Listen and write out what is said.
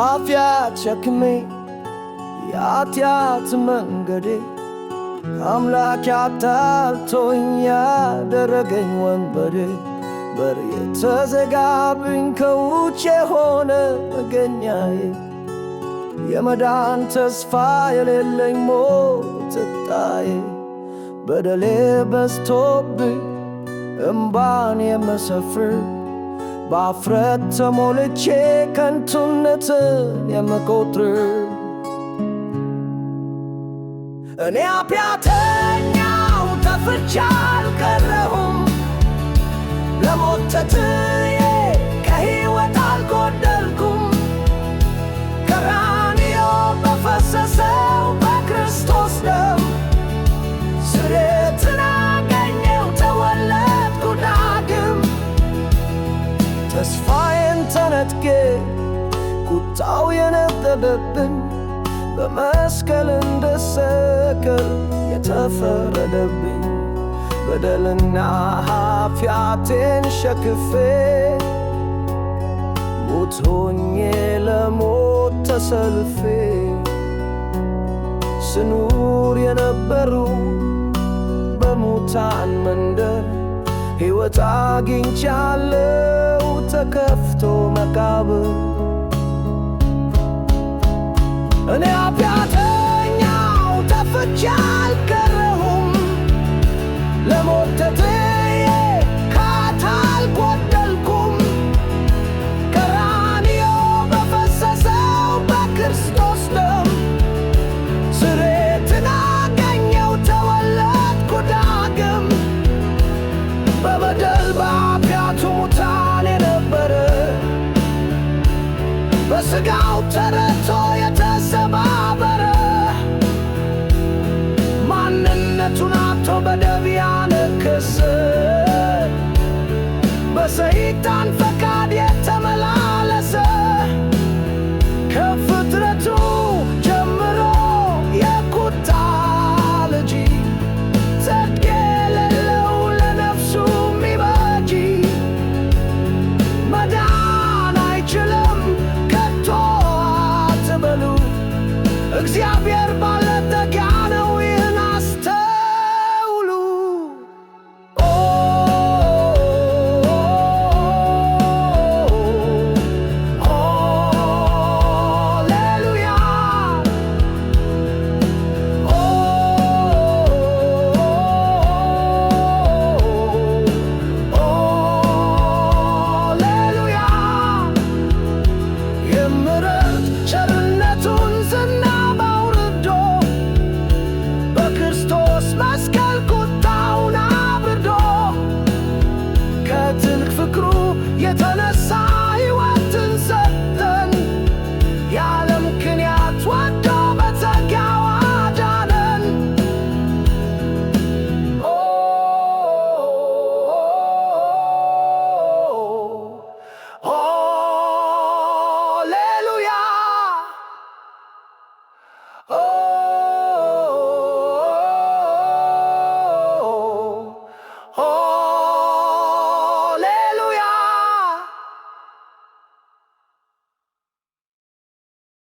ከኃጢአት ሸክሜ የኃጢአት መንገዴ ከአምላክ ያታልቶኝ ያደረገኝ ወንበዴ በር የተዘጋብኝ ከውጭ የሆነ መገኛዬ የመዳን ተስፋ የሌለኝ ሞት ዕጣዬ በደሌ በዝቶብኝ እምባን የምሰፍር ባፍረት ተሞልቼ ከንቱነት የምቆጥር እኔ አብያተኛው ተፍቻል ታው የነጠደብን! በመስቀል እንደሰቀል የተፈረደብኝ በደልና ኃጢአቴን ሸክፌ ሞቶኜ ለሞት ተሰልፌ ስኑር የነበሩ በሙታን መንደር ሕይወት አግኝቻለው ተከፍቶ መቃብር and they are. የጌታን ፈቃድ የተመላለሰ ከፍጥረቱ little.